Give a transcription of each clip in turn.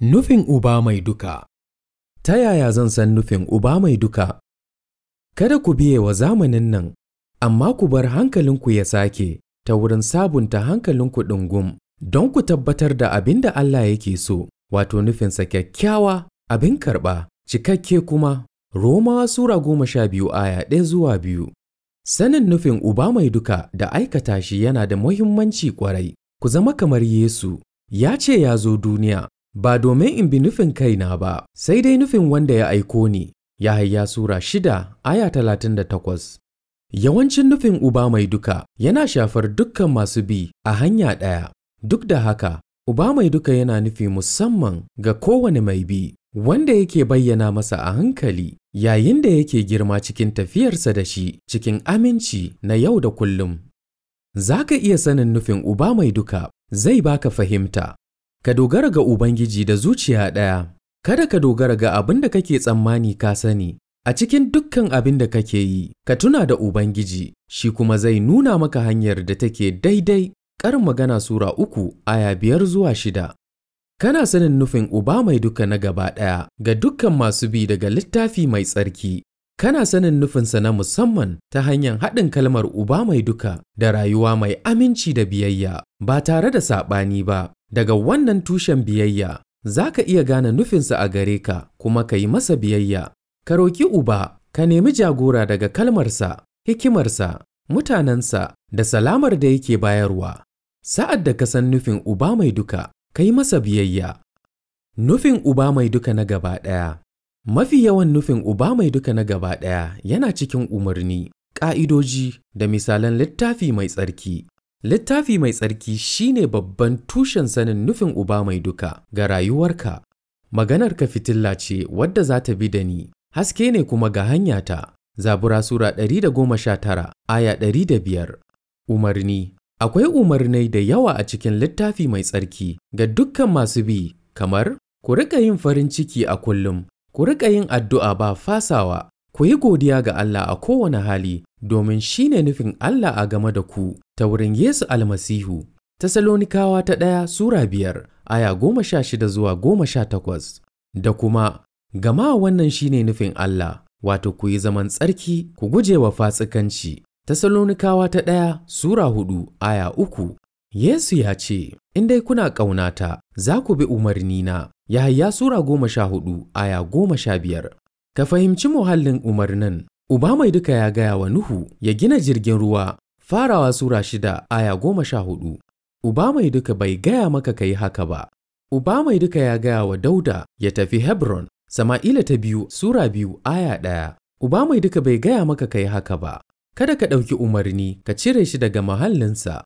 Nufin Uba Mai Duka Ta yaya zan san nufin Uba Mai Duka? Kada ku biye wa zamanin nan, amma ku bar hankalinku ya sake ta wurin sabunta hankalinku ɗungum don ku tabbatar da abin da Allah yake so, wato nufinsa kyakkyawa, abin karɓa, cikakke kuma. Romawa Sura goma sha biyu aya ɗaya zuwa biyu Sanin nufin Uba Mai Duka da aikata shi yana da muhimmanci kwarai. ku zama kamar Yesu, ya ce ya zo duniya ba domin in bi nufin kaina ba, sai dai nufin wanda ya aiko ni, Yahaya Sura shida aya talatin da takwas. Yawancin nufin Uba mai duka yana shafar dukkan masu bi a hanya ɗaya, duk da haka, Uba mai duka yana nufi musamman ga kowane mai bi, wanda yake bayyana masa a hankali yayin da yake girma cikin tafiyarsa da shi cikin aminci na yau da kullum. Za ka iya sanin nufin Uba mai duka zai baka fahimta ka dogara ga Ubangiji da zuciya ɗaya, kada ka dogara ga abin da kake tsammani ka sani, a cikin dukkan abin da kake yi, ka tuna da Ubangiji, shi kuma zai nuna maka hanyar da take daidai, ƙarin magana Sura uku aya biyar zuwa shida. Kana sanin nufin Uba mai duka na gaba ɗaya ga dukkan masu bi daga littafi mai tsarki, kana sanin nufinsa na musamman ta hanyar haɗin kalmar uba mai duka da rayuwa mai aminci da biyayya ba tare da saɓani ba daga wannan tushen biyayya za ka iya gane nufinsa a gare ka kuma ka yi masa biyayya ka roki uba ka nemi jagora daga kalmarsa hikimarsa mutanensa da salamar da yake bayarwa sa'ad da ka san nufin uba mai duka ka yi masa biyayya nufin uba mai duka na gaba ɗaya Mafi yawan nufin Uba mai duka na gaba ɗaya yana cikin umarni, ƙa'idoji, da misalan Littafi Mai Tsarki. Littafi Mai Tsarki shi ne babban tushen sanin nufin Uba mai duka ga rayuwarka. Maganar ka fitilla ce wadda za ta bi da ni, haske ne kuma ga hanyata. Zabura Sura ɗari da goma sha tara, aya ɗari da biyar. Umarni Akwai umarnai da yawa a cikin Littafi Mai Tsarki ga dukkan masu bi, kamar, Ku riƙa yin farin ciki a kullum, ku riƙa yin addu'a ba fasawa, ku yi godiya ga Allah a kowane hali, domin shi ne nufin Allah a game da ku ta wurin Yesu Almasihu. Tasalonikawa ta ɗaya Sura biyar, aya goma sha shida zuwa goma sha takwas, da kuma, gama wannan shi ne nufin Allah, wato ku yi zaman tsarki ku guje wa fatsikanci. Tasalonikawa ta ɗaya Sura hudu, aya uku, Yesu ya ce, In dai kuna ƙaunata, za ku bi umarnina, Yahaya Sura goma sha hudu, aya goma sha biyar. Ka fahimci muhallin umarnin, Uba mai duka ya gaya wa Nuhu ya gina jirgin ruwa, farawa Sura shida, aya goma sha hudu. Uba mai duka bai gaya maka ka yi haka ba. Uba mai duka ya gaya wa Dauda ya tafi Hebron, Sama'ila ta biyu, Sura biyu, aya ɗaya. Uba mai duka bai gaya maka ka yi haka ba. Kada ka ɗauki umarni ka cire shi daga mahallinsa.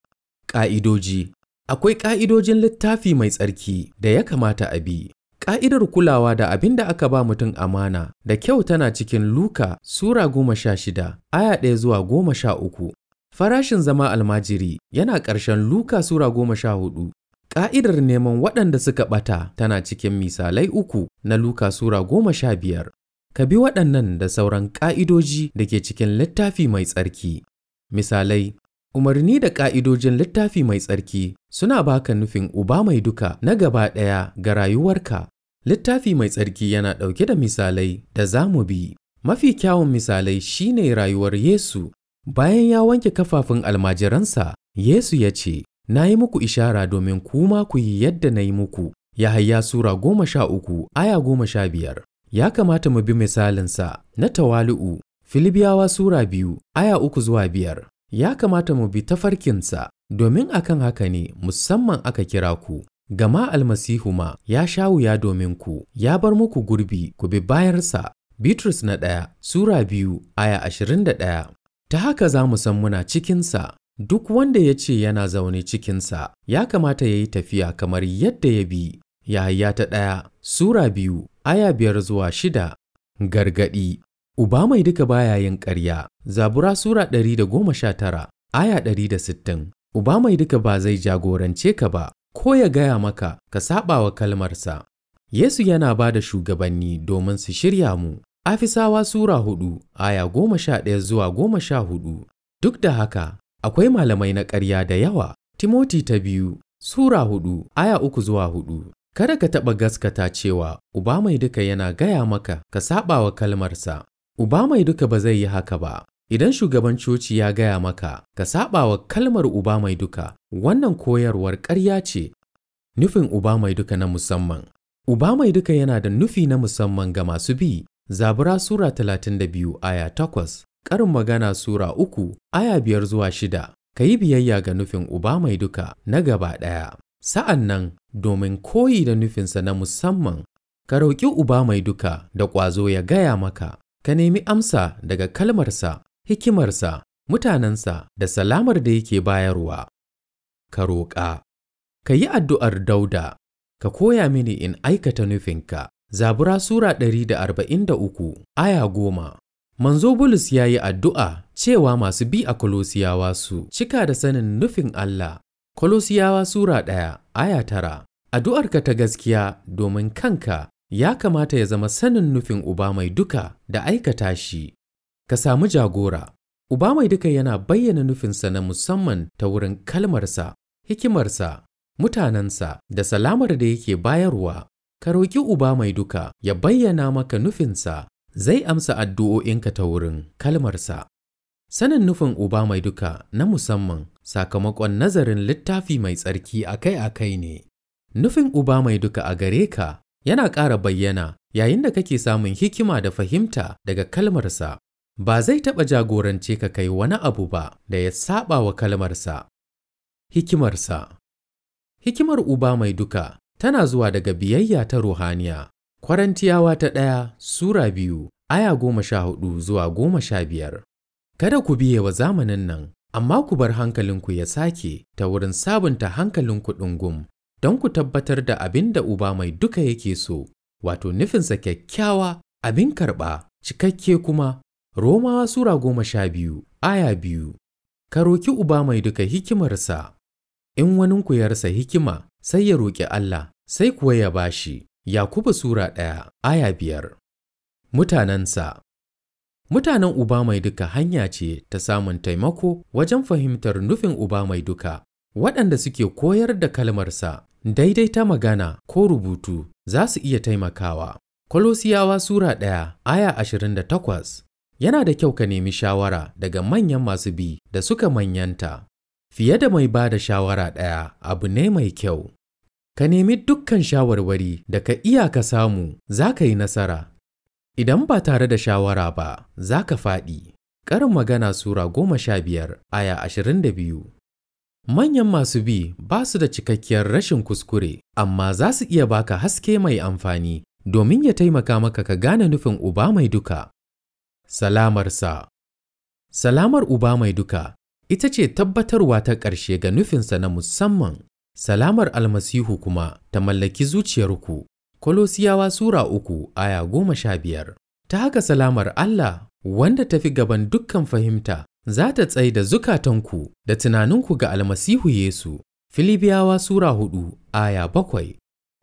Ƙa'idoji Akwai ƙa'idojin littafi mai tsarki da ya kamata a bi. Ƙa'idar kulawa da abin da aka ba mutum amana da kyau tana cikin Luka Sura goma sha shida, aya ɗaya zuwa goma sha uku. Farashin zama almajiri yana ƙarshen Luka Sura goma sha hudu. Ƙa'idar neman waɗanda suka ɓata tana cikin misalai uku na Luka Sura goma sha biyar. Ka bi waɗannan da sauran ƙa'idoji da ke cikin littafi mai tsarki. Misalai Umarni da ƙa'idojin Littafi Mai Tsarki suna baka nufin Uba mai duka na gaba ɗaya ga rayuwarka. Littafi Mai Tsarki yana ɗauke da misalai da za mu bi. Mafi kyawun misalai shi ne rayuwar Yesu. Bayan ya wanke kafafun almajiransa, Yesu ya ce, Na yi muku ishara domin kuma ku yi yadda na yi muku. Yahaya Sura goma sha uku, aya goma sha biyar. Ya kamata mu bi misalinsa na tawali'u, Filibiyawa Sura biyu, aya uku zuwa biyar. ya kamata mu bi ta farkinsa. domin akan haka ne musamman aka kira ku, gama almasihu ma ya sha wuya domin ku, ya bar muku gurbi ku bi bayarsa. Bitrus na ɗaya, Sura biyu, aya ashirin da ɗaya. Ta haka za mu san muna cikinsa, duk wanda ya ce yana zaune cikinsa, ya kamata ya yi tafiya kamar yadda ya bi. Yahaya ta ɗaya, Sura biyu, aya biyar zuwa shida. Gargaɗi Uba mai duka baya yin ƙarya, Zabura Sura ɗari da goma sha tara, aya ɗari da sittin. Uba mai duka ba zai jagorance ka ba, ko ya gaya maka ka saɓawa kalmarsa. Yesu yana ba da shugabanni domin su shirya mu. Afisawa Sura hudu, aya goma sha ɗaya zuwa goma sha hudu. Duk da haka, akwai malamai na ƙarya da yawa. Timoti ta biyu, Sura hudu, aya uku zuwa hudu. Kada ka taɓa gaskata cewa Uba mai duka yana gaya maka ka saɓawa kalmarsa. Uba mai duka ba zai yi haka ba. Idan shugaban coci ya gaya maka ka saɓawa wa kalmar Uba mai duka, wannan koyarwar ƙarya ce. Nufin Uba mai duka na musamman Uba mai duka yana da nufi na musamman ga masu bi, Zabura Sura talatin da biyu aya takwas, ƙarin magana Sura uku aya biyar zuwa shida. ka yi biyayya ga nufin Uba mai duka na gaba ɗaya. Sa'an nan, domin koyi da nufinsa na musamman, ka roƙi Uba mai duka da ƙwazo ya gaya maka. ka nemi amsa daga kalmarsa, hikimarsa, mutanensa da salamar da yake bayarwa. Ka roƙa, ka yi addu'ar dauda, ka koya mini in aikata nufinka. Zabura Sura ɗari da arba'in da uku, aya goma. Manzo Bulus ya yi addu'a cewa masu bi a Kolosiyawa su cika da sanin nufin Allah. Kolosiyawa Sura ɗaya, aya tara. Addu'arka ta gaskiya domin kanka ya kamata ya zama sanin nufin Uba mai duka da aikata shi. Ka samu jagora, Uba mai duka yana bayyana nufinsa na musamman ta wurin kalmarsa, hikimarsa, mutanensa da salamar da yake bayarwa. Ka roƙi Uba mai duka ya bayyana maka nufinsa, zai amsa addu'o'inka ta wurin kalmarsa. Sanin nufin Uba mai duka na musamman sakamakon nazarin littafi mai tsarki akai-akai ne. Nufin Uba mai duka a gare ka yana ƙara bayyana yayin da kake samun hikima da fahimta daga kalmarsa. Ba zai taɓa jagorance ka kai wani abu ba da ya saɓa wa kalmarsa. Hikimarsa Hikimar Uba mai duka tana zuwa daga biyayya ta ruhaniya. Kwarantiyawa ta ɗaya Sura biyu aya goma sha hudu zuwa goma sha biyar. Kada ku biye wa zamanin nan, amma ku bar hankalinku ya sake ta wurin sabunta hankalinku ɗungum don ku tabbatar da abin da Uba mai duka yake so, wato nufinsa kyakkyawa, abin karɓa, cikakke kuma, Romawa Sura goma sha biyu, aya biyu, ka roki Uba mai duka hikimarsa, in wani ku ya rasa hikima, sai ya roƙi Allah, sai kuwa ya ba shi. Yakubu Sura ɗaya, aya biyar. Mutanensa Mutanen Uba mai duka hanya ce ta samun taimako wajen fahimtar nufin Uba mai duka, waɗanda suke koyar da kalmarsa Daidaita magana ko rubutu za su iya taimakawa. Kolosiyawa Sura ɗaya aya ashirin da takwas Yana da kyau ka nemi shawara daga manyan masu bi da suka manyanta. Fiye da mai ba da shawara ɗaya abu ne mai kyau. Ka nemi dukkan shawarwari da ka iya ka samu za ka yi nasara. Idan ba tare da shawara ba, za ka faɗi. Karin magana Sura goma sha biyar aya ashirin da biyu. Manyan masu bi ba su da cikakkiyar rashin kuskure, amma za su iya baka haske mai amfani domin ya taimaka maka ka gane nufin Uba mai duka. Salamarsa Salamar Uba mai duka ita ce tabbatarwa ta ƙarshe ga nufinsa na musamman. Salamar almasihu kuma ta mallaki zuciyarku. Kolosiyawa Sura uku aya goma sha biyar. Ta haka salamar Allah wanda tafi gaban dukkan fahimta za ta da zukatanku da tunaninku ga almasihu Yesu, Filibiyawa Sura hudu aya bakwai.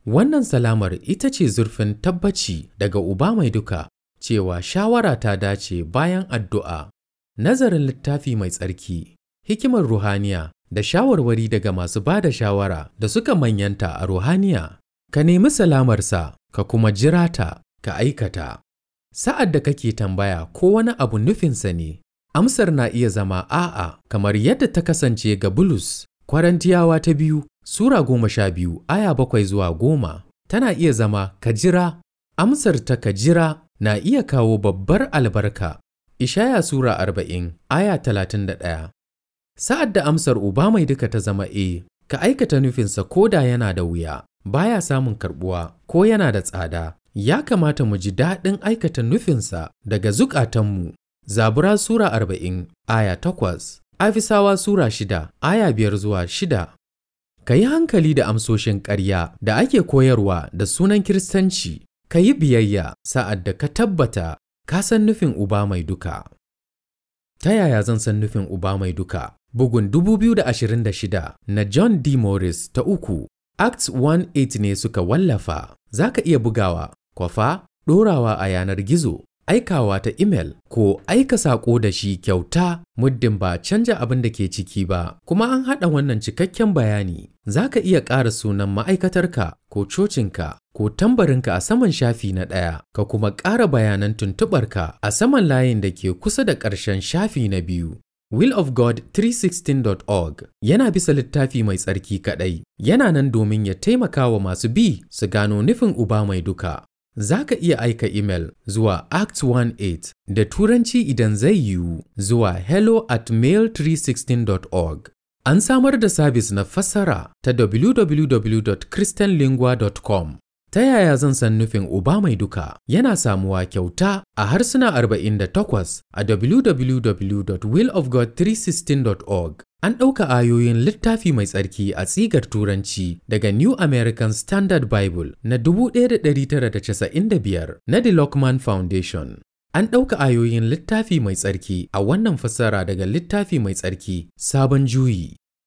Wannan salamar ita ce zurfin tabbaci daga Uba mai duka cewa shawara ta dace bayan addu'a, nazarin littafi mai tsarki, hikimar ruhaniya da shawarwari daga masu ba da shawara da suka manyanta a ruhaniya. Ka nemi salamarsa ka kuma jira ta ka aikata. Sa'ad da kake tambaya ko wani abu nufinsa ne, Amsar na iya zama a'a, kamar yadda ta kasance ga Bulus, Kwarantiyawa ta biyu, Sura goma sha biyu, aya bakwai zuwa goma, tana iya zama ka jira. Amsar ta ka jira na iya kawo babbar albarka. Ishaya Sura arba'in, aya talatin da ɗaya. Sa'ad da amsar uba mai duka ta zama E, ka aikata nufinsa ko da yana da wuya, baya samun karɓuwa ko yana da tsada, ya kamata mu ji daɗin aikata nufinsa daga zukatanmu Zabura Sura arba'in aya takwas Afisawa Sura shida aya biyar zuwa shida Ka yi hankali da amsoshin karya da ake koyarwa da sunan Kiristanci, ka yi biyayya sa'ad da ka tabbata ka san nufin Uba mai duka. Ta yaya zan san nufin Uba mai duka? Bugun 2026 na John D. Morris ta uku, Acts 1:8 ne suka wallafa, za ka iya bugawa, kwafa, ɗorawa a yanar gizo aikawa ta imel ko aika saƙo da shi kyauta muddin ba canja abin da ke ciki ba, kuma an haɗa wannan cikakken bayani. Za ka iya ƙara sunan ma'aikatar ka ko cocin ka ko tambarinka a saman shafi na ɗaya, ka kuma ƙara bayanan tuntuɓarka a saman layin da ke kusa da ƙarshen shafi na biyu. Will of God 316.org yana bisa littafi mai tsarki kaɗai, yana nan domin ya taimaka wa masu bi su gano nufin Uba mai duka. Za ka iya aika imel zuwa act18 da Turanci idan zai yiwu zuwa hello at mail316.org. An samar da sabis na fassara ta www.christianlingua.com Ta yaya zan san nufin Uba mai duka yana samuwa kyauta a harsuna arba'in da takwas a www.willofgod316.org. An ɗauka ayoyin littafi mai tsarki a tsigar Turanci daga New American Standard Bible na 1995 na The Lockman Foundation. An ɗauka ayoyin littafi mai tsarki a wannan fassara daga littafi mai tsarki Sabon Juyi